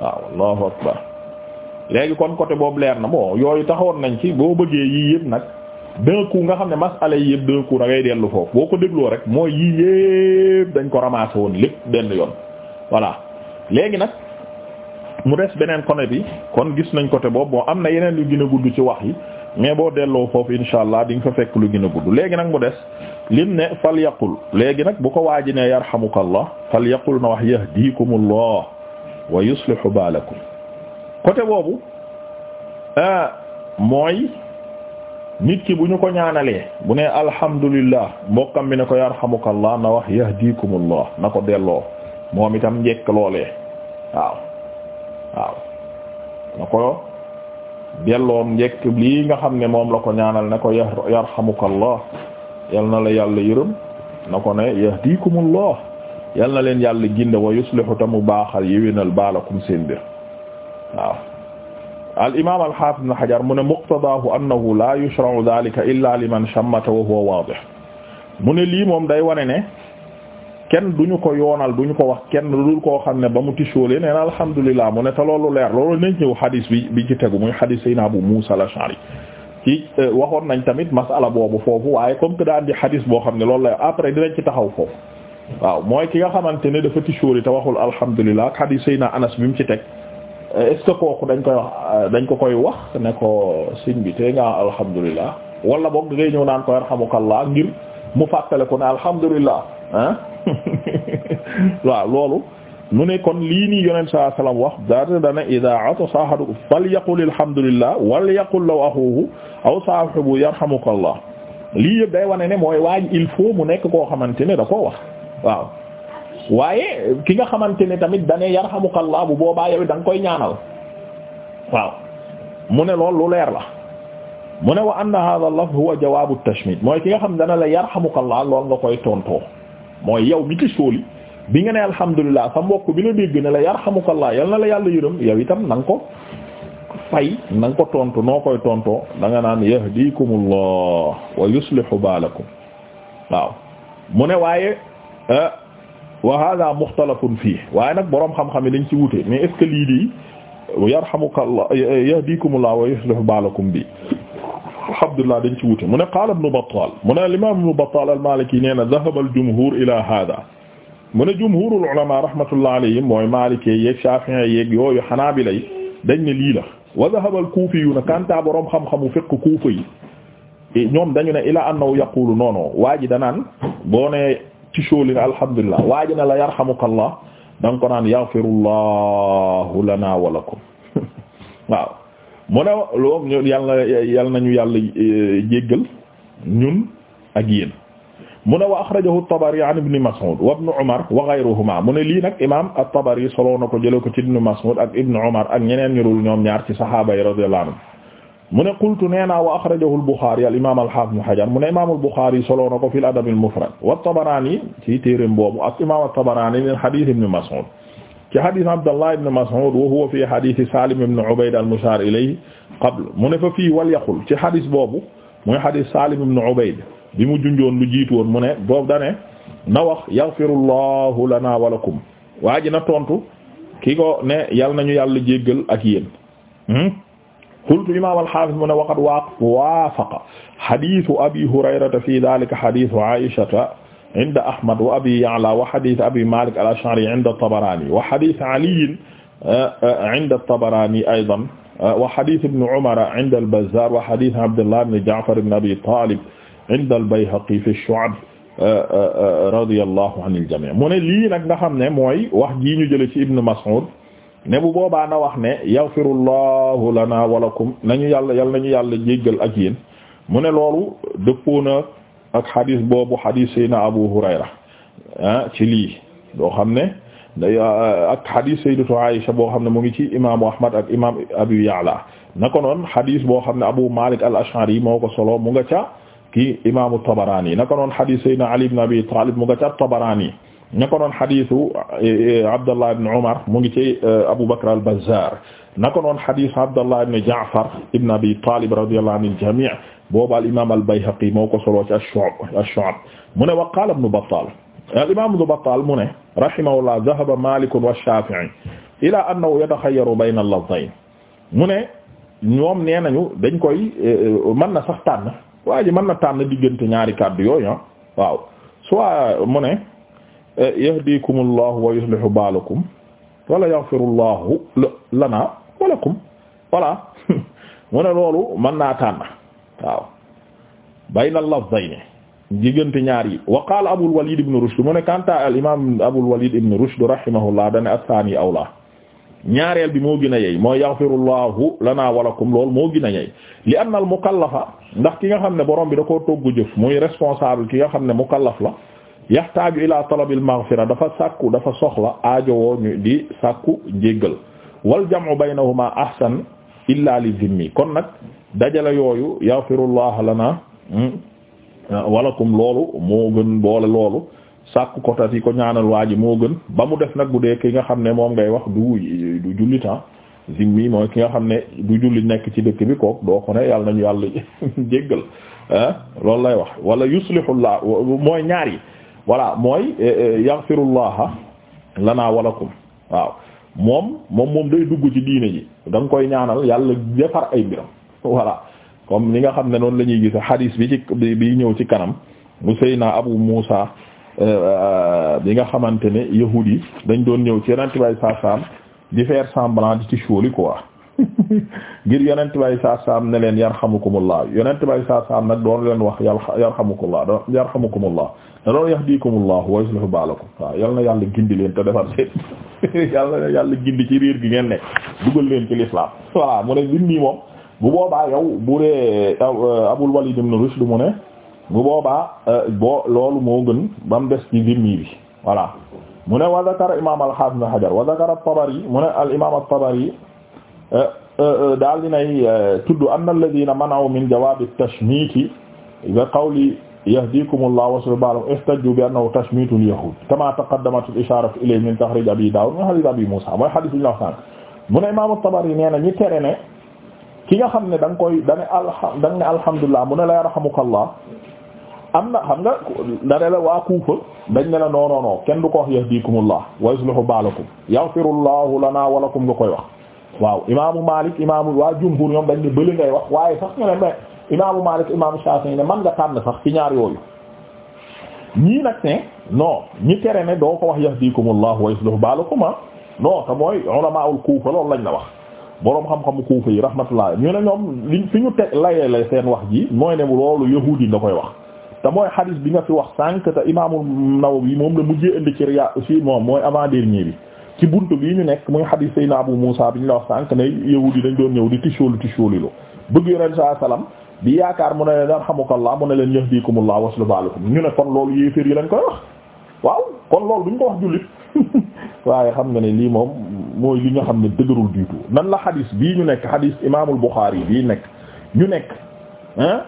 waaw allahu akbar léegi kon côté boobu leer na bon yooyu taxoon nañ ci boo bëggee yii yëpp nag d'un coup nga xam ne masala yi yëpp d'un coup da ngay dellu foofu boo ko dégloo rek mooy yii yëpp dañ ko ramassé woon lépp benn yoon voilà léegi nag mu des beneen côté bi kon gis nañ côté boobu bon am na yeneen lu gën a gudd ci wax yi mais boo delloo foofu insha allah di nga fa fekk lu gën a gudd léegi nag mu des lim ne fal yaqul léegi nag bu ko waaji ne yarhamukallah fal yaqul na wax yahdikumullah wa yuslihu baalakum côté boobu euh, mooy nit ki bu ñu ko ñaanalee bu ne alhamdulillah mbokkam bi ne ko yarhamukallah na wax yahdikumullah na ko delloo moom itam njekk loolee waaw waaw na ko delloom njekk lii nga xam ne moom la ko ñaanal na ko yarhamukallah yal na la yàlla yërëm na ko ne yahdikumullah yal na leen yàlla ginde wa yuslihu tamu baaxal yéwénal baalakum seen mbir waaw al hajar mu ne muqtadaahu annahu la yushra'u dhalika illa liman shammata wa huwa wadih mu ne lii moom day wane ne kenn duñu ko yoonal duñu ko wax kenn dul koo xam ne ba mu tisoolee nee na alhamdulilah mu ne te loolu leer loolu nañ ñëw hadis bi bi ci tegu muy hadis sayna Abu Musa al-Ash'ari ci eh, waxoon nañ tamit masala boobu foofu waaye comme que daan di hadis boo xam ne loolu la après dinañ ci taxaw foofu waaw mooy ki nga xamante ne dafa tisóori te waxul alhamdulilah ak hadith sayna anas bi mu ci teg euh, est ce que dañ koy wax euh, dañ ko koy wax ne ko sëñ bi tey nga alhamdulilah wala boog da ngay ñëw naan ko yarhamukallah ngir mu fàttale ko ne alhamdulilah ah waaw loolu mu ne kon lii nii yonent saa salaam wax daata dana idaa atasa ahadukum falyaqul alhamdulillah walyaqul la axuuhu aw saahibuhu yarhamukallah lii yëpp day wane ne mooy waaji il faut mu nekk koo xamante ne da koo wax waaw waaye ki nga xamante ne tamit dane yarhamukallah bu boobaa yow da nga koy ñaanal waaw mu ne lool lu leer la mu ne wa anna hadha al-lafz huwa jawaabu tashmit mooy ki nga xam dana la yarhamukallah lool nga koy tontoo mooy yow bi ci sóoli bi nga ne alhamdulilah sa mbokk bi la dégg ne la yarhamukallah yal na la yàlla yërëm yow itam na nga ko fay ko tontu noo koy tontoo da nga naan yahdikumullah wa yuslihu baalakum waaw mu ne waaye Euh, wa hada muxtalafun fii waaye nag boroom xam-xam yi dañ ci wute mais est ce que lii di yarhamuka Allah yahdikumullah wa yuslihu baalakum bi alhamdulillah dañ ci wute mu ne qaala ibnu Battaal mu ne al-imaam ibnu Battaal al-Maaliki nee na dhahaba al-jumhuur ilaa haadaa mu ne jumhuurul ulamaa rahmatullahi alayhim mooy Maalikee yeeg Shaafi'i yeeg yooyu Hanaabila yi dañ ne lii la wa dhahaba al-kuufiyyuuna kanta boroom xam-xamu fiqh Kuufa yi ñoom dañu ne ilaa annahu yaquulu noonu waa ji danaan boo nee ci shooli ne alhamdulilah waaji na la yarhamukallah da nga ko naan yaghfirullahu lana wa lakum waaw mu ne loolu yal na yal nañu yàlla eh, jéggal ñun ak yéen mu ne wa akhrajahu at-Tabari an ibn Mas'ud wa ibn Umar wa ghayruhuma mu ne lii nag imam at-Tabari soloo na ko jële ko ci ibn Mas'ud ak ibn Umar ak ñeneen ñu dul ñoom ñaar ci sahaaba yi radiyallahu anhum mu ne qultu nee naa wa axrajahu al-Buxaari al-imaam al-haafiz Hajar mu ne imaam al-Buxaari soloo na ko fil adab al-mufrad wa Tabaraani ci téereem boobu ak imaam at-Tabaraani min hadiis ibn Mas'uud ci hadiis Abdallah ibn Mas'uud wa huwa fi hadiis Saalim ibn Ubayd al-mushaar ilayhi qabla mu ne fa fii wal yaqul ci hadiis boobu mooy hadiis Saalim ibn Ubayd bi mu junjoon lu jiitu woon mu ne boobu da ne na wax yaghfirullaahu lanaa wa lakum waa ji na tontu ki ko ne yal nañu yàlla jéggal ak yéen. Hmm? qultu imam al-hafiz mu ne waqad waafaqa hadithu abi hurayrata fi dhalika hadithu aishata inda ahmad wa abi ya'la wa hadith abi malik al-ash'ari inda at-tabarani wa hadith ali uh, uh, inda at-tabarani aydan uh, wa hadith ibn umar inda al-bazzar wa hadith abdullah ibn ja'far ibn abi talib inda al-bayhaqi fi ash-shu'ab radiyallahu anil jami' mu ne lii nag nga xam ne mooy wax ji ñu jële ci ibn mas'ud ne bu boobaa na wax ne yaghfirullahu lana wa lakum nañu yàlla yal nañu yàlla jéggal ak yéen mu ne loolu dëppoo na ak xadis boobu xadis Seydina Abu Hurayra ah ci lii doo xam ne day ah, ak xadis Sayyidatu Aïsha boo xam ne mu ngi ci imaamu Ahmad ak imaam Abi Ya'la naka noonu xadis boo xam ne Abu Malik al-Ash'ari moo ko solo mu nga ca kii imaamu Tabarani naka noonu xadis Seydina Ali ibn Abi Talib mu nga ca Tabarani na ko noon xadiisu eh, eh, Abdallah ibn Umar mu ngi ci eh, Abu Bakr al-Bazzar na ko noon xadiisu Abdallah ibn Ja'far ibn Abi Talib radiyallahu anil jami' booba al-imam al-Bayhaqi moo ko solo ci ash-Shu'ab ash-Shu'ab mu ne wa qala ibn Battal al-imam ibn Battal mu ne rahimahullah dhahaba Malik wa Shafi'i ila annahu yatakhayyaru bayna al-lafzayn mu ne ñoom nee nañu dañ koy mën na sax tànn waa ji mën na tànn diggante ñaari kàddu yooyu ah waaw soit mu ne yahdikumullahu wa yuslihu baalakum wala yaghfirullahu lana wa lakum voilà mu ne loolu mën naa tànn waaw bayna lafdayni diggante ñaar yi wa qaala Abul Walid ibn Rushd mu ne kanta al imam Abul Walid ibn Rushd rahimahullah dane as-saani awla ñaareel bi moo gën a yey mooy yaghfirullahu lana wa lakum loolu moo gën a yey al mukallafa ndax ki nga xam ne borom bi da koo togg jëf muy responsable ki nga xam ne mukallaf la yaxtaaju ila talabil maghfira dafa sàkku dafa soxla aajowoo ñu di sàkku njéggal wal jam'u baynahuma ahsan illa li zimmi kon nag dajale yooyu yaghfirullah lana hmm, walakum loolu moo gën boole loolu sàkku ko tat yi ko ñaanal waa ji moo gën ba mu def nag bu dee ki nga xam ne moom ngay wax du du jullitan ah. zimmi mooy ki nga xam ne du julli nekk ci dëkk bi kook doo ko ne yàlla nañu yàlla jéggal ah loolu lay wax wala yuslihullah mooy ñaar yi voilà mooy eh, eh, yaghfirullaha lana walakum waaw moom moom moom day dugg ci diine ji da nga koy ñaanal yàlla defar ay mbiram voilà comme ni nga xam ne noonu la ñuy gis hadith bi ci bi ñëw ci kanam mu Seyna Abu Musa eh, bi nga xamante ne yahudi yi dañ doon ñëw ci yonent bay saa saam di faire semblant di ci suuli quoi ngir yonent bay saa saam ne leen yarhamukumullah yonent bay saa saam nag doon leen wax yarhamukumullah yarhamukumullah loolu yahdikumullahu wa yuslihu baalakum waaw yal na yàlla gindi leen te defar seen yal na yàlla gindi ci riir gi ngeen nekk dugal leen ci l'islam voilà mu ne bindi moom bu boobaa yow bu dee euh, Abul Walid ibn Rushd mu ne bu boobaa euh, boo loolu moo gën ba mu des ne wa zakara imam al-Hafiz ibn Hajar wa zakara ne imam at-Tabari euh, daal dinay tudd anna alladhina mana'u min jawab yahdikumullahu wa yuslihu baalakum ihtajju bi annahu tashmitul yahud kama taqaddamat al min tahrij abi Dawud min hadith abi Musa mooy hadith bi ñu la wax sànq imam at-Tabari nee na ne ki nga xam ne da koy da nga ne da nga ne alhamdulilah mu ne la yarhamukallah am na xam nga dare la waa Kuufa dañ ne la non non non kenn du ko wax yahdikumullah wa yuslihu baalakum yaghfirullahu lana wa lakum nga koy wax waaw imaamu Malik imaamu waa jumhur ñoom ne bëli ngay wax waaye sax nga imaamu Maalik imaamu Shaafi'i ne man nga tànn sax ci ñaar yooyu ñii nag ne non ñi tere ne doo ko wax yahdikumullahu wa yuslihu baalakum non te mooy ulamaa'ul Kuufa loolu lañ la wax boroom xam-xamu Kuufa yi rahmatullah ñu ne ñoom liñ fi ñu teg layee la seen wax ji mooy ne loolu yahuud nga koy wax te mooy xadiis bi nga fi wax sànq te imaamu Nawawi moom la mujjee indi ci Riyaad aussi moom mooy avant dernier bi ci buntu bii ñu nekk muy xadiis Seydina Abu Muusa bi ñu la wax sànq ne yahuud yi dañ doon ñëw di tisóolu tisóolu lu bëgg yoneen bi yaakaar mu ne leen yarhamukallah mu ne leen yahdikumullah waslu baalakum ñu ne kon loolu yéeféer yi lañ koy wax waaw kon loolu duñ ko wax jullit waaye xam nga ne lii moom mooy li nga xam ne dëgërul du tout nan la xadis bii ñu nekk xadis imaamul Buxaari bii nekk ñu nekk ah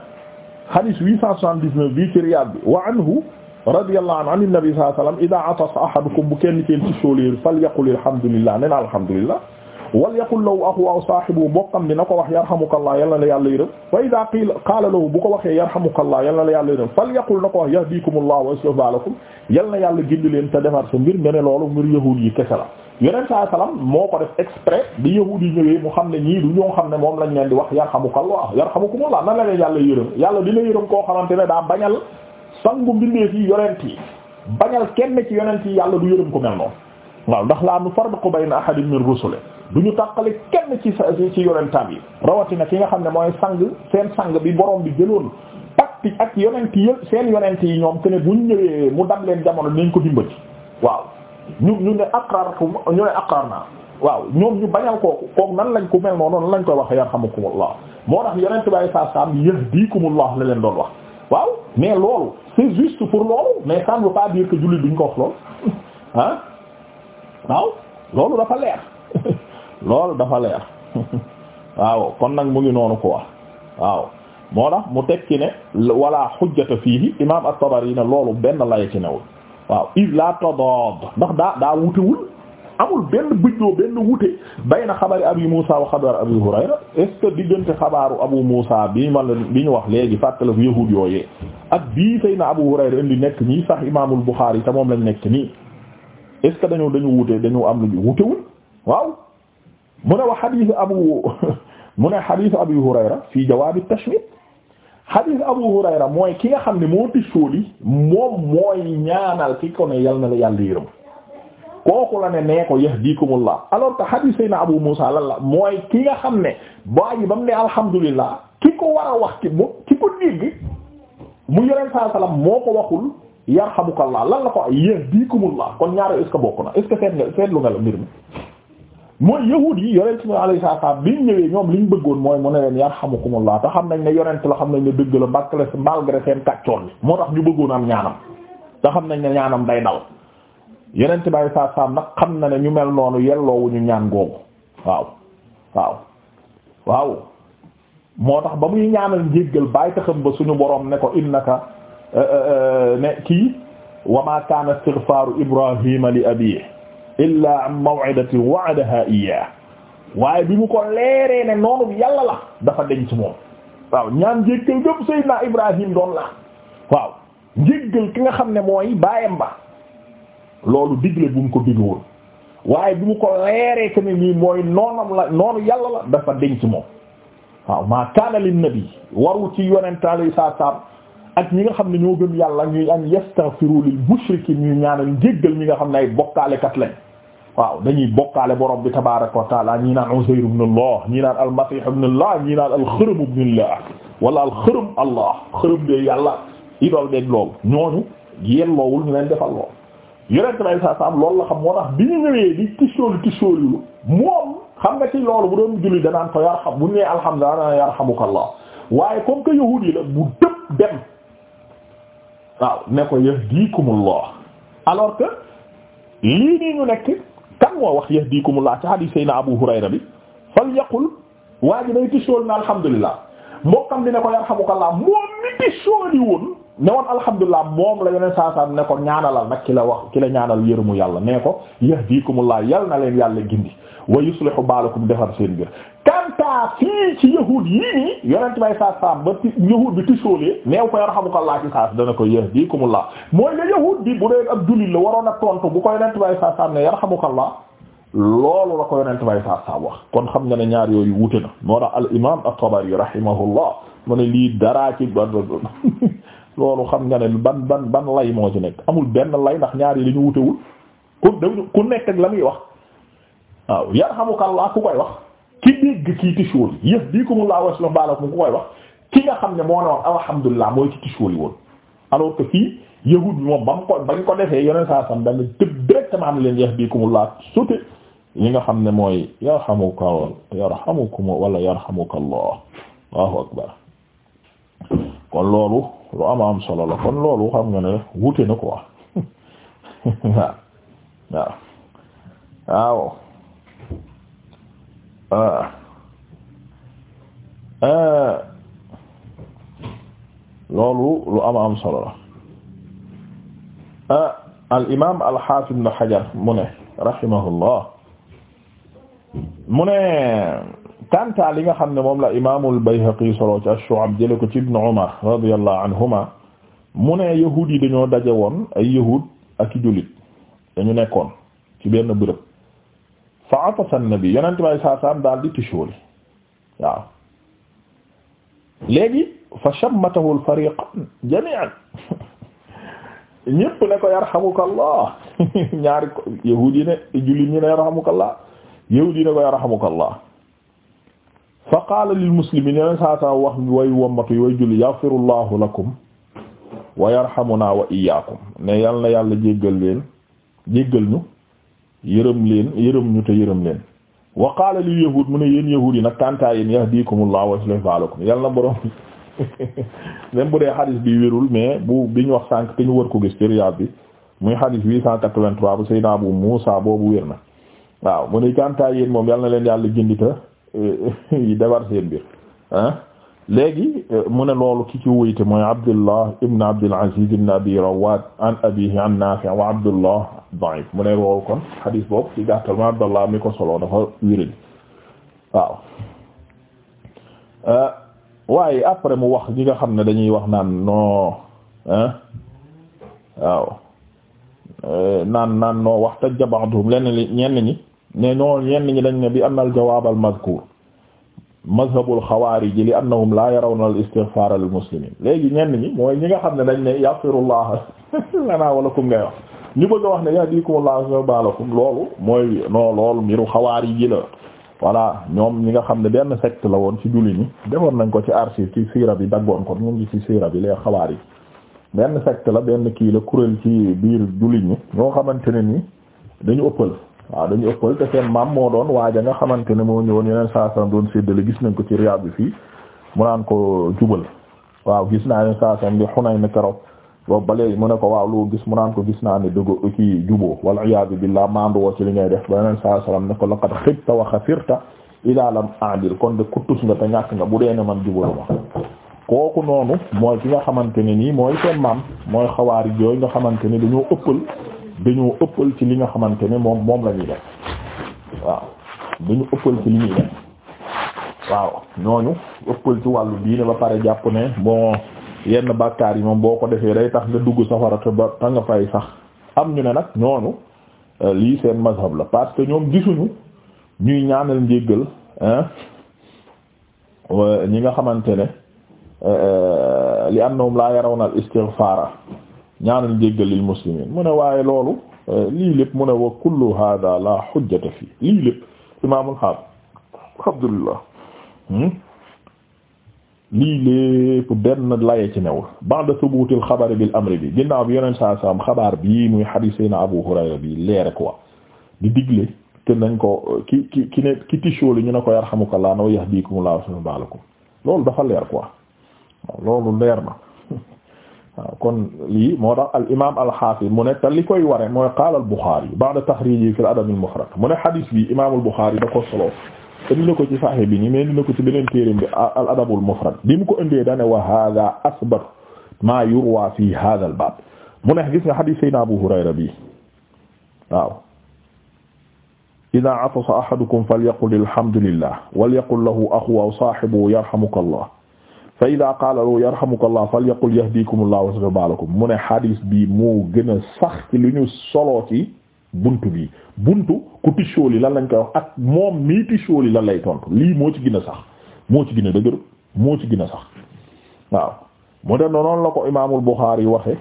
xadis 879 bii ci bi wa anhu radiyallahu anhu an nabi sallallahu alayhi wa sallam idaa atasa ahadukum bu kenn ci sóoleer falyaqul alhamdulillah nee na alhamdulillah wal yaqul lahu axu aw saahibu mbokkam bi na ko wax yarhamukallah yal na la yàlla yërëm fa idaa qiila qaala lahu bu ko waxee yarhamukallah yal na la yàlla yërëm fal yaqul na ko wax yahdikumullah wa yuslih lakum yal na yàlla gindi leen te defar sa mbir nga ne loolu mbir yahuud yi kese la yeneen saa salaam moo ko def exprès bi yahuud yi ñëwee mu xam ne ñii du ñoo xam ne moom lañ leen di wax yarhamukallah yarhamukumullah nan la leen yàlla yërëm yàlla dina yërëm koo xamante ne daa bañal sangu mbindeef yi yonent yi bañal kenn ci yonent yi yàlla du yërëm ko mel noonu waaw ndax laa nu farriqu bayna ahadin min rusuli du ñu tàqale kenn ci sa ci yonentam yi rawatina ki nga xam ne mooy sang seen sang bi borom bi jëloon pacte ak yonent yëpp seen yonent yi ñoom te ne bu ñu ñëwee mu dam leen jamono ñu ko dimbali waaw ñu ñu ne aqrartu ñu ne aqrar naa waaw ñoom ñu bañal kooku kooku nan lañ ko mel noonu lañ koy waxee yarhamukumullah moo tax yonent bi saa saam yahdikumullah la leen doon wax waaw mais loolu c'est juste pour loolu mais ça ne veut pas duñ ko wax lool waaw loolu dafa leer loolu dafa leer waaw kon nag mu ngi noonu ko wax waaw moo tax mu tekki ne wala xujjata fiihi imaam at yi ne loolu benn lay ci newul waaw is la tadad ndax daa daa wutewul amul benn bëjjoo benn wute bayna xabari abi Muusa wa xabar abi Hurayra est ce que diggante xabaaru abu Muusa bi ma bi ñu wax léegi fàttala ko yahuud yooyee ak bii sëy na abu Hurayra indi nekk nii sax imaamul Buxaari te moom lañ nekk nii est-ce que dañu dañu wute dañu am lu ñu wutewul waaw mu ne wa xadiis abu mu ne xadiis abu hurayra fii jawaabi abu hurayra mooy ki nga xam ne moo tissooli moom mooy ñaanal ki ko ne yal na la yàlla yërëm kooku la ne nee ko yahdikumullah alors que xadiis sayna abu muusa lan mooy ki nga xam ne bàyyi ba ne alhamdulillah ki ko war wax ki mu ki ko dégg mu yoreen saa salaam moo ko waxul yarhamukallah lan la ko yahdikumullah kon ñaar est-ce que bokk na est-ce que seet nga seetlu nga la mbir mi mooy yahuud yi yonent bi alayhi salaam bi ñu ñëwee ñoom li ñu bëggoon mooy mu ne leen yarhamukumullah te xam nañ ne yonent la xam nañ ne dëgg la mbàkkale malgré seen kàccoor bi moo tax ñu bëggoon am ñaanam te xam nañ ne ñaanam day dal yonent bi alayhi salaam nag xam na ne ñu mel noonu ñu ñaan googu waaw waaw moo tax ba muy ñaanal njéggal bàyyi ba suñu borom ne ko innaka ne euh, euh, euh, kii wa ma kaana istighfaaru ibrahima li abiihi an maw'idatin wa'adahaa iyyaahu waaye bi mu ko leeree ne noonu yàlla la dafa denc moom waaw ñaan njéggal Ibrahim doon la waaw ki nga xam ne mooy baayam ba loolu digle bu mu ko digwoon waaye bi mu ko leeree que ne nii mooy noonam noonu yàlla la dafa denc moom waaw maa kaana waru ci yonent alayhi salaam ak ñi nga xam ne ñoo gëm yàlla ñuy an yastaghfiru lil mushrikiin ñuy ñaanal jéggal ñi nga xam ne ay bokkaalekat lañ waaw dañuy bokkaale borom bi tabaaraka wa taala ñii naan Uzayr ibn Allah ñii naan al-Masih ibn Allah ñii naan al-Xërëm ibn Allah wala al-Xërëm Allah xërëm de yàlla idol beeg loolu ñooñu yelloowul ñu leen defal lool yonent bi saa saam loolu la xam moo tax bi ñu ñëwee di tisóolu tisóolu moom xam nga ci loolu bu doon julli danaan ko yarxam bu ñu nee alhamdulilah yarhamukallah waaye comme que yahuud yi la bu dëpp dem. waaw ne ko yahdikumullah alors que lii nii ñu nekk kan moo wax yahdikumullah ci hadith sayna Abu Hurayra bi fal yaqul waa ji day tisool na alhamdulillah mbokkam bi ne ko yarhamukallah moom mi tisooli woon ne woon alhamdulillah moom la yeneen saa saa ne ko ñaanalal nag ki la wax ki la ñaanal yërmu yàlla nee ko yahdikumullah yal na leen yàlla gindi wa yuslihu baalakum defar seen biir kanta fii ci yahuud yii nii yonent bay saat saam ba yahuud bi tisoolee neew ko yarhamukallah ci saas dana ko yahdikumullah mooy la yahuud bi bu dee ab jullit la waroon a tontu bu ko yonent bay saat saam ne yarhamukallah loolu la ko yonent bay saat saam wax kon xam nga ne ñaar yooyu wute na moo tax al imam at-Tabari rahimahullah mu ne lii daraa ci loolu xam nga ne ban ban ban lay moo ci nekk amul benn lay ndax ñaar yi li ñu ku ku nekk la wax waaw yarhamukallah ku koy wax ki dégg kii tissuul yahdikumullahu wa yuslihu baalakum ku koy wax ki nga xam ne moo ne wax alhamdulilah mooy ci tissuul woon alors que fii yahud moom ba mu ko bañ ko defee yeneen saa sam dana tëb directement ne leen yahdikumullah sute li nga xam ne mooy yarhamuka yarhamukum wala yarhamukallah allahu akbar kon loolu lu am am solo la kon loolu xam nga ne wute na quoi waaw waaw. Ah. Ah. loolu lu am am solo la ah, al imaam al xaafid ibn Hajar mu ne rahimahullah mu ne kanta li nga xam ne moom la imaamul Bayhaqi solo ci ash-Shu'ab jële ko ci ibn Umar anhuma mu ne yahuud yi dañoo daje woon ay yahuud ak i jullit dañu nekkoon ci benn bërëb fa atasa annabi yonent bay saa saam daal di tichooli waaw léegi fa shammatahu al fariqan jami'an ñépp ne ko yarhamukallah ñaari ko yahuudi ne jullit ñi ne yarhamukallah yahuudi ne ko yarhamukallah fa qaala lil muslimin yonent saa saam wax way wommatu yi way julli yaghfirullahu lakum wa yarhamuna wa iyyakum ne yal na yàlla jéggal leen jéggal ñu yërëm leen yërëm ñu te yërëm leen wa qaala lil yahud mu ne yéen yahud yi nag kantaa yéen yahdikumullahu wa yuslih baalakum yàlla na borom même bu dee xadis bi wérul mais bu bi ñu wax sànq te ñu war ko gis ci Riyaad bi muy xadis 883 bu Seydina Abu Muusa boobu wér na waaw mu ne kantaa yéen moom yàlla na leen yàlla jëndita defar seen mbir ah léegi euh, mu ne loolu ki ci wuyte mooy Abdullah ibn Abdul Aziz ibn Abi Rawad an abihi an Nafi' wa Abdullah da'if mu ne loolu kon xadis boobu ci gàttal ma Abdullah mi ko solo dafa wéradi waaw euh, waaye après mu wax ñi nga xam ne dañuy wax naan noo waaw euh, naan naan noo wax tajja ba'dhum lenn li ñenn ñi ne ñoo ñenn ñi dañ ne bi am al jawaab al mazkur mazhabul xawaariji li annahum la yarawna al istighfar lil muslimin léegi ñenn ñi mooy ñi nga xam ne dañ ne yaghfirullah lana wa lakum ngay wax ñu bëgg a wax ne yahdikumullahu wa baalakum loolu mooy noo loolu mbiru ji la voilà ñoom ñi nga xam ne benn sect la woon ci julli ñi defoon nañ ko ci archive ci siira bi daggoon ko ñu ngi ci siira bi les xawaarij benn secte la benn kii la kuréel ci biir julli ñi ñoo xamante ne ni dañu ëppal waaw dañu ëppal te seen maam moo doon waaja nga xamante ne moo ñëwoon yeneen saa saa doon séddale gis nañ ko ci Riyad bi fii mu aan ko jubal waaw gis naa ne saa saa bi xunay na keroog boobu ba léegi mu ne ko waaw loo gis mu naan ko gis naa ne dugg ci juboo wal iyaadu billaah maandu woo ci li ngay def ba yeneen saa salaam ne ko laqad xibta wa xasirta idaa lam aadil kon de kuttus nga te ñàkk nga bu dee ne man jubaluma kooku noonu mooy ki nga xamante ne nii mooy seen maam mooy xawaari yooyu nga xamante ne dañoo ëppal dañoo ëppal ci li nga xamante ne moom moom la ñuy def waaw dañu ëppal ci li ñuy def waaw ñooñu ëppal ci wàllu bii diine ba pare jàpp ne bon yenn bàkkaar yi moom boo ko defee day tax nga dugg safara te ba ta fay sax am ñu ne nag ñooñu euh, lii seen mazhab la parce que ñoom gisuñu ñuy ñaanal njéggal ñi nga xamante ne euh, li annahum laa yarawna al istighfara ñaanal njéggal lil muslimin mu ne waaye loolu euh, lii lépp mu ne wa kullu hada la hujjata fii lii lépp imaamul haafid Abdullah hmm? lii lépp benn laye ci newul ba'da thubutil xabari bil amri bi ginnaaw bi yonent saa saam xabaar bi muy xadiis Seydina Abu Hurayra bi leere quoi di digle te nañ ko ki ki ki ne ki tisoo li ñu ne ko yarhamukallah aw yahdikumullahu sunu baalakum loolu dafa leer quoi loolu leer na waaw kon lii moo tax al imaam al xaafis mu ne te li koy ware mooy qaala al Buxaari ba'da taxriiji fil adab al mufrad mu ne xadiis bi imaam al Buxaari da ko solo indi na ko ci Sahih bi nii mais indi na ko ci beneen téereem bi al adab al ko indee dane wa haaza asbat maa yurwa fi haaza al baab mu ne gis nga xadiis Seydina Abu Hurayra bi waaw idaa atasa ahadukum falyaqul alhamdulillah walyaqul lahu axuhu aw saahibuhu yarhamukallah fa ida qaala lahu yarhamukallah falyaqul yahdikumullah wa sayuslih lakum mu ne hadis bii moo gën a sax ci lu ñu soloo ci bunt bi bunt ku tisoo li lan lañ koy wax ak moom mii tisoo li lan lay tontu lii moo ci gën a sax moo ci gën a dëgër moo ci gën a sax waaw mu de noonu la ko imaamul Buxaari waxe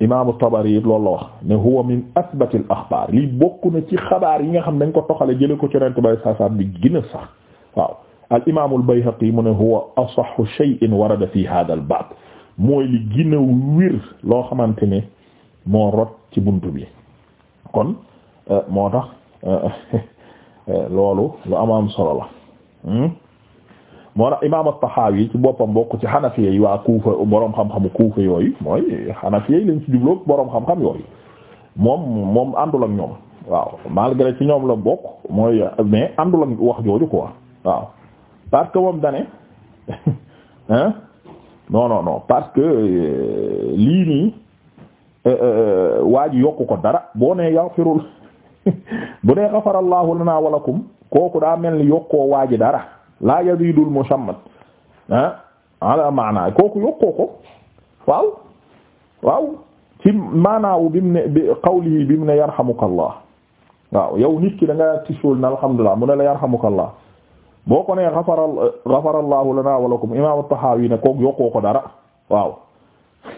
imaamu Tabari it loolu la wax ne huwa min asbatil axbaar lii bokk na ci xabaar yi nga xam dañ ko toxale jële ko ci rent bay saasaam bi gën a sax waaw al imaam al Bayhaqi mu ne huwa asahhu shay'in warada fi hadha al mooy li gën a loo xamante ne moo rot ci bunt bi kon euh, moo tax euh, euh, loolu lu am am solo la hmm? moo tax imaam at-Tahawi ci boppam bokk ci xanafiye yi waa Kuufa boroom xam-xamu Kuufa yooyu mooy xanafiye yi lañ ci jubloog boroom xam-xam yooyu moom moom àndul ak ñoom waaw malgré ci ñoom la bokk mooy mais àndul ak wax jooju quoi waaw parce que moom dane hein non non non parce que euh, lii nii euh, euh, waa ji yokku ko dara boo nee yaxfirul bu nee lana walakum kooku daa mel ni yokkoo waa ji dara laa yazidul musammat ah ala maana kooku yokkoo ko waaw waaw ci maanaawu bimu ne bi qawlihi bimu ne yarhamukallah waaw yow nit ki da nga tisool na alhamdulillah mu ne la yarhamukallah boo ko nee xafara xafarallahu lana wa lakum imam at-Tahawi ne koog yokkoo ko dara waaw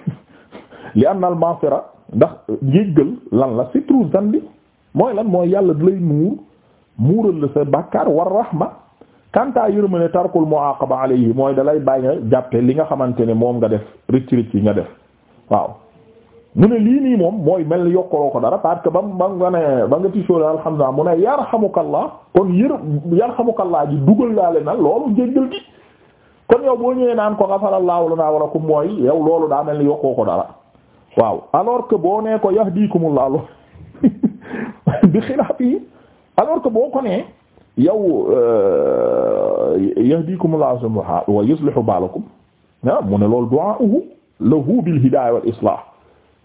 li anna al-maghfira ndax njéggal lan la sitru zambi mooy lan mooy yàlla du lay nuur muural la sa bàkkaar war rahma kanta yërmande tarkul muaqaba alayhi mooy dalay bàyyi nga jàppe li nga xamante ne moom nga def ricc ricc yi nga def waaw mu ne lii nii moom mooy mel ni yokkaloo ko dara parce que ba mu nga ne ba nga tisóole alhamdulilah mu ne yarhamukallah kon yër yarhamukallah ji dugal laa leen nag loolu jéggal gi kon yow boo ñëwee naan ko ghafarallahu lana wa lakum mooy yow loolu daa mel ni yokkoo ko dara waaw alors que boo nee ko yahdikumullah bi xilaaf yi alors que boo ko nee yow euh, yahdikumullah wa yuslihu baalakum ah, mu ne loolu du'a'uhu lahu bil hidaaya wal islah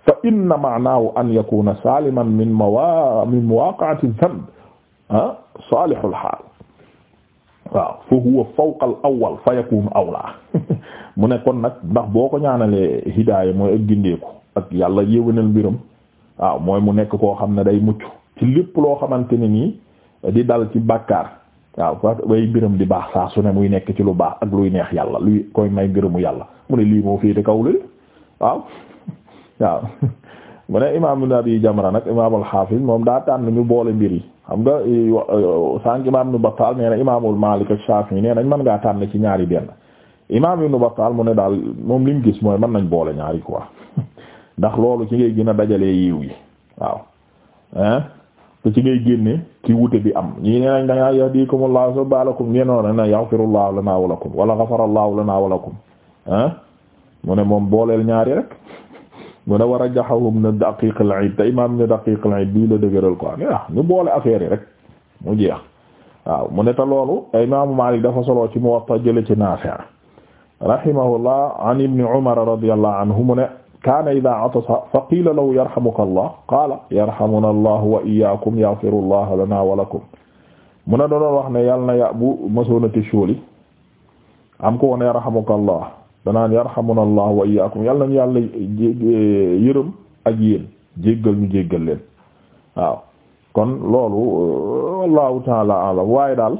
fa inna ma'naahu an yakuna saliman min mawa min muwaqa'ati dhanb salihul haal waaw fa huwa fawqa al awwal mu ne nag ndax boo ko ñaanalee hidaaya mooy ak gindeeku ak yàlla yéwénal mbiram waaw mooy mu nekk koo xam ne day mucc ci lépp loo xamante ne nii di dal ci bàkkaar waaw fa di baax saa su ne muy nekk ci lu baax ak luy neex yàlla luy koy may ngërëmu yàlla mu ne lii moo féete kaw lii waaw waaw mu ne imaam Abi Jamra nag imaam hafiz moom daa tànn ñu boole mbir yi xam nga sànq imaam Ibn Battal nee na imaamul Maalik ak Shaafi'i nee nañ mën ngaa tànn ci ñaari benn imaam Ibn Battal mu ne daal moom li gis mooy man nañ boole ñaari quoi ndax loolu ci ngay gën a dajalee yiw yi waaw ah te ci ngay génne ci wute bi am ñii nee nañ dangaa yahdikumullahu subalakum ñeenoon na yaghfirullahu lana wa lakum wala ghafara allahu lana wa lakum ah mu ne moom booleel ñaari mu ne war a jaxawum na daqiq al-Iid te imaam ne daqiq al-Iid bii la dëgëral ko ne ah ñu boole affaire yi rek mu jeex waaw mu ne te loolu imaamu Maalik dafa solo ci Muwatta jële ci Naafi' rahimahullah an ibni Umar radiyallahu anhu mu ne kaana idaa atasa fa qiila lahu yarhamuka Allah qaala yarhamuna Allah wa iyyaakum yaghfiru Allah lanaa wa lakum mu ne doon wax ne yàlla na ya bu masoonati suuli am ko woon yarhamuka Allah danaan yarhamuna allah wa iyyakum yàlla nañu yàlla yërëm ak yéen jéggal ñu jéggal leen waaw kon loolu wallahu taala alam waaye daal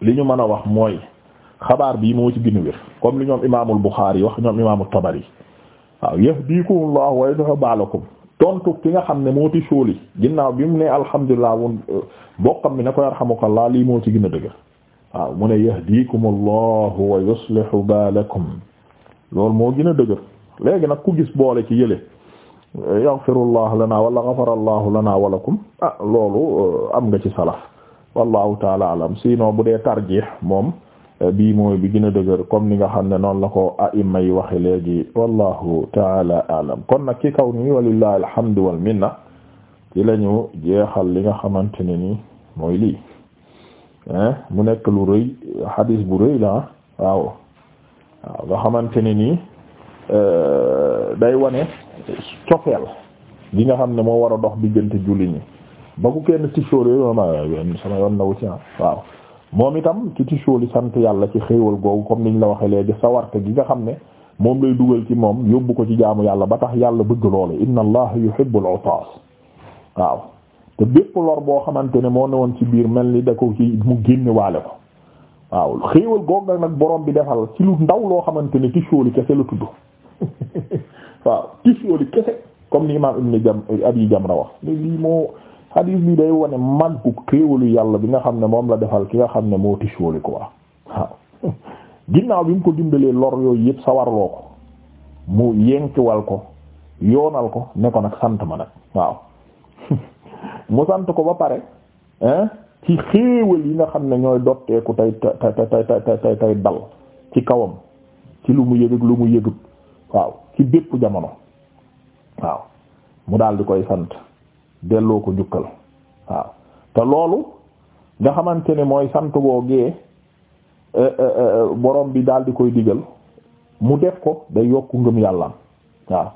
li ñu mën a wax mooy xabaar bii moo ci gën a wér comme li ñoom imaamul Buxaari yi wax ñoom imaamul Tabari waaw yahdikum allah wa yuslih baalakum tontu ki nga xam ne moo ti sóoli ginnaaw bi mu ne alhamdulilah woon bokkam bi ne ko laa lii moo ci gën a waaw mu ne yahdikum allahu wa yuslihu baalakum loolu moo gën a dëgër léegi nag ku gis boole ci yële yaghfirullahu lana wala ghafarallahu lana walakum ah loolu uh, am nga ci salaf wallahu taala alam sinon bu dee tarjih moom uh, bii mooy bi gën a dëgër comme ni nga xam ne noonu la ko aima yi waxe léegi wallahu taala alam kon nag ki kaw nii walillahi alhamdu wal minna ci la ñu jeexal li nga xamante ne ni mooy lii mu nekk lu rëy xadiis bu rëy la waaw waaw nga xamante ne nii euh, day wane cofeel gi nga xam ne moo war a dox diggante julli ñi ba ku kenn tisóol yooyu sama yoon na wu ah, waaw moom itam ci tisóoli sant yàlla ci xéewal googu comme niñ la waxee léegi sawarte gi nga xam ne moom lay dugal ci moom yóbbu ko ci jaamu yàlla ba tax yàlla bëgg loolu inna allaha yuhibbul utaas waaw te bépp lor boo xamante ne moo ne woon ci biir mel ni da ko ci mu génne waale ko waaw xéewal goog nag boroom bi defal ci lu ndaw loo xamante ne tisóoli kese la tudd waaw tisóoli kese comme ni imam ibn jam abi jamra wax ni lii moo hadis bi day wone man ku xéewalu yàlla bi nga xam ne moom la defal ki nga xam ne moo tisóoli ko waaw waaw ginnaaw bi mu ko dindalee lor yooyu yëpp sawarloo ko mu yenkiwal ko yoonal ko nekkoon ko nag sant ma nag waaw mu sant ko ba pare ci xéewal yi nga xam ne ñooy dotteeku tey tey tey tey tey dal ci kawam ci lu mu yëg ak lu mu yëgut waaw ci bépp jamono waaw mu daal di koy sant delloo ko njukkal waaw te loolu nga xamante ne mooy sant boogee eh, eh, eh, borom bi daal di koy digal mu def ko day yokk ngëm yàlla waaw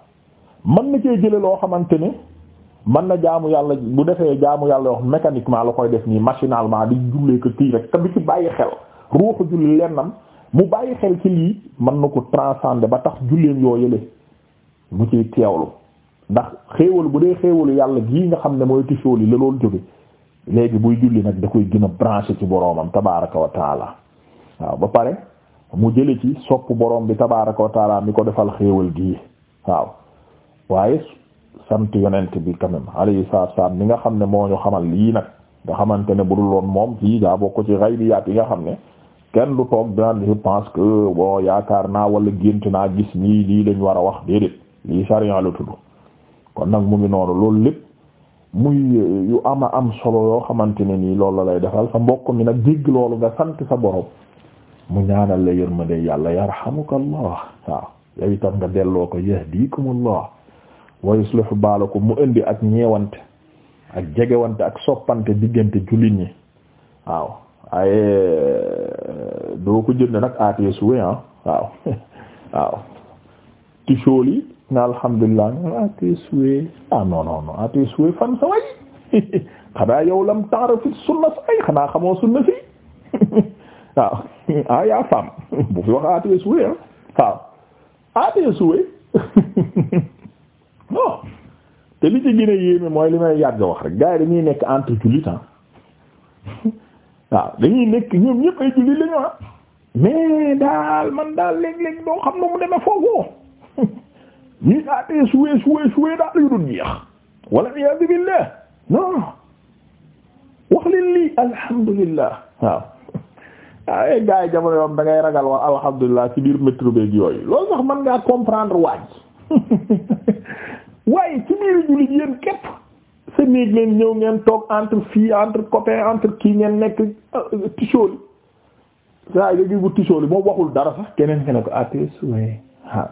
mën na cee jële xamante ni man na jaamu yàlla bu defee jaamu yàlla wax mécaniquement la koy def nii machinalement di jullee ko kii rek te du ci bàyyi xel ruuxu julli lennam mu bàyyi xel ci lii mën na ko transcender ba tax julleem yoo yële mu ciy teewlu ndax xéewal bu dee xéewalu yàlla gii nga xam ne mooy tisool yi la loolu jóge léegi buy julli nag da koy gën a branché ci boroomam tabaraka wa taala waaw ba pare mu jële ci sopp boroom bi tabaraka wa mi ko defal xéewal gii waaw sant yonent bi quand même alayhi salaam mi nga xam ne moo ñu xamal lii nag nga xamante ne bu dul woon moom fii daa bokk ci yaat yi nga xam ne kenn du toog daan je pense que yaakaar naa wala gént naa gis nii lii lañ war a wax déedéet lii sariya la tudd kon nag mu ngi noonu loolu lépp muy euh, yu ama am solo yoo xamante ne nii loolu la lay defal sa mbokk mi nag jégg loolu nga sant sa borom mu ñaanal la yërmande yàlla yarhamukallah waaw yow itam nga delloo ko yahdikumullah wa yuslihu baalakum mu indi ak ñeewante ak jegewante ak soppante diggante jullit ñi waaw waaye euh, doo ko jënd nag aatee ah waaw waaw tisóol yi na alhamdulilah aatee ah non non non fan sa way xanaa yow lam ta'rif sunna sa way xanaa xamoo sunna si waaw ah yaa femme bu fi wax aatee suwe ah waaw aatee non te li ci gën a yéeme mooy li may yàgg wax rek gars yi dañuy nekk entre jullit ah waaw dañuy nekk ñoom ñëpp ay jullit la ñu mais daal man daal léeg-léeg doo xam ne mu demee foofu ñuy aatee suwee suwee suwee daal yu dul jeex wala iyaazu billah non wax leen lii alhamdulillah waaw. ay ah, eh, gars yi jamono yoon da ngay ragal wax alhamdulilah ci biir métro beeg yooyu loolu sax mën ngaa comprendre waaj waaye ci biir jullit yéen képp sa néeg leen ñëw ngeen toog entre fii entre copain entre kii ngeen nekk euh, tisooli saa yi da bu tisooli moom waxul dara sax keneen ke ne ko at ah, suwe ah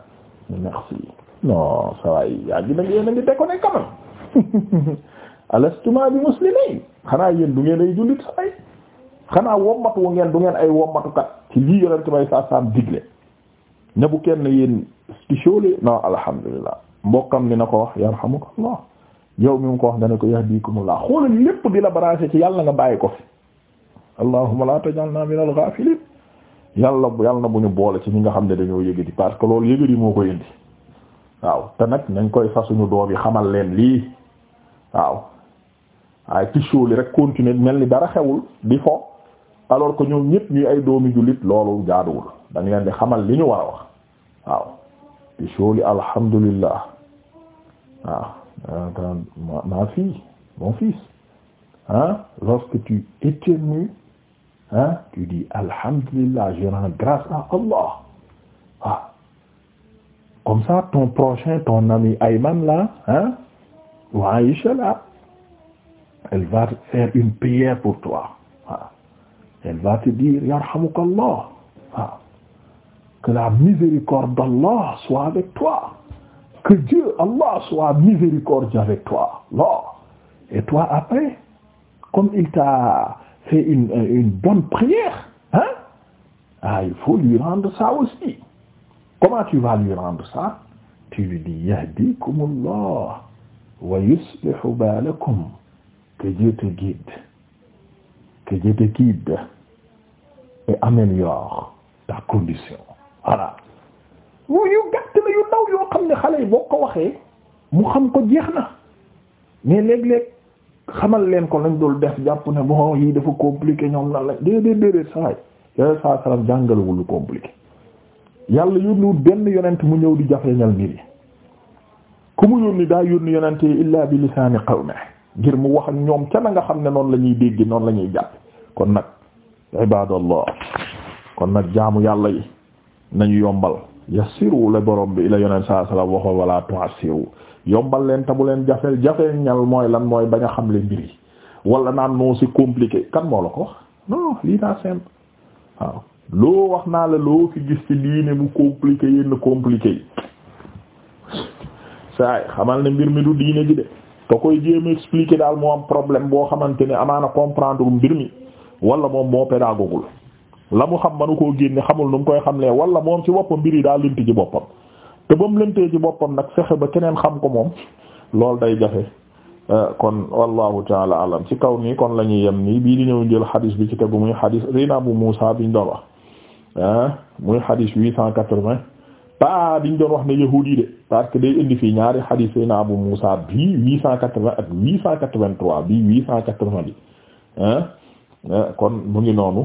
merci non ça va yaa gi nag yéen a ngi déconné quand même alastuma bi muslimin xanaa yéen du ngeen ay jullit saay xanaa wommatu wu ngeen du ngeen ay wommatukat ci lii yonente bay sa sam digle ne kenn yéen tisooli non alhamdulillah mbokkam li na ko wax yarhamukallah yow mi mu ko wax nga ne ko yahdikumullah xoolal lépp di la branché ci yàlla nga bàyyi ko fi allahumma la tajalna min al-ghafilin yàlla yàlla na bu ñu boole ci ñi nga xam ne dañoo di parce que loolu yëgadi moo ko indi waaw te nag nañ koy fasuñu doom yi xamal leen lii waaw waaye tissu li rek continuer mel ni dara xewul di fo alors que ñëw ñëpp ñuy ay doomi jullit loolu jaaduwul dañ leen xamal li ñu war a wax waaw ah, euh, ma fille mon fils ah lorsque tu éternues ah tu dis alhamdulillah je rends grâce à Allah waaw ah, comme ça ton prochain ton ami Ayman là ah ou Aïcha là elle va faire une prière pour toi waaw ah, elle va te dire yarhamukallah waaw que la miséricorde d'Allah soit avec toi que Dieu Allah soit miséricordieux avec toi là et toi après comme il t'a fait une une bonne prière hein ah il faut lui rendre ça aussi comment tu vas lui rendre ça tu lui dis yahdikumullah wa yuslihu balakum que Dieu te guide que Dieu te guide et améliore ta condition voilà yu ndaw yoo xam ne xale yi boo ko waxee mu xam ko jeex na mais léeg-léeg xamal leen ko lañ dul def jàpp ne bon yii dafa compliqué ñoom nan lañ déedéet déedéet saay yooyu saa salam jàngalewul lu compliqué yàlla yónniwul benn yonent mu ñëw di jafeñal mbir yi ku mu yónni daa yónni yonente yi illaa bi lisaani qawme ngir mu wax ak ñoom ca na nga xam ne noonu lañuy dégg noonu lañuy ñuy jàpp kon nag ibadallah kon nag jaamu yàlla yi nañu yombal yassiru la borom bi la yonent saa salaam waxoon wala tu'assiru yombal leen tabu leen jafeel jafeel ñal mooy lan mooy bañ a xamle mbir yi wala naan non si compliqué kan moo la ko wax non lii daa simple waaw loo wax naa la loo fi gis ci lii ne mu compliqué yenn yi saay xamal ne mbir mi du diine ji de ka koy jéem expliquer daal moo am problème boo xamante ne amaana comprendre mbir mi wala moom moo pédagogue la mu xam manu koo génne xamul nu mu koy xamlee wala moom ci boppam mbir yi daa lënt ci boppam te ba mu lëntee ci boppam nag fexe ba keneen xam ko moom loolu day jafe euh, kon wallahu taala alam ci kaw nii kon la ñuy yem nii bii di ñëw jël xadis bi ci tegu muy xadis rina bu Muusa biñ doon wax ah muy xadis huit cent quatre-vingt pa biñ doon wax ne yahuud yi de parce que day indi fii ñaari xadis rina bu Muusa bii huit cent quatre-vingt ak huit cent quatre-vingt-trois bii huit cent quatre-vingt bi ah euh, kon mu ngi noonu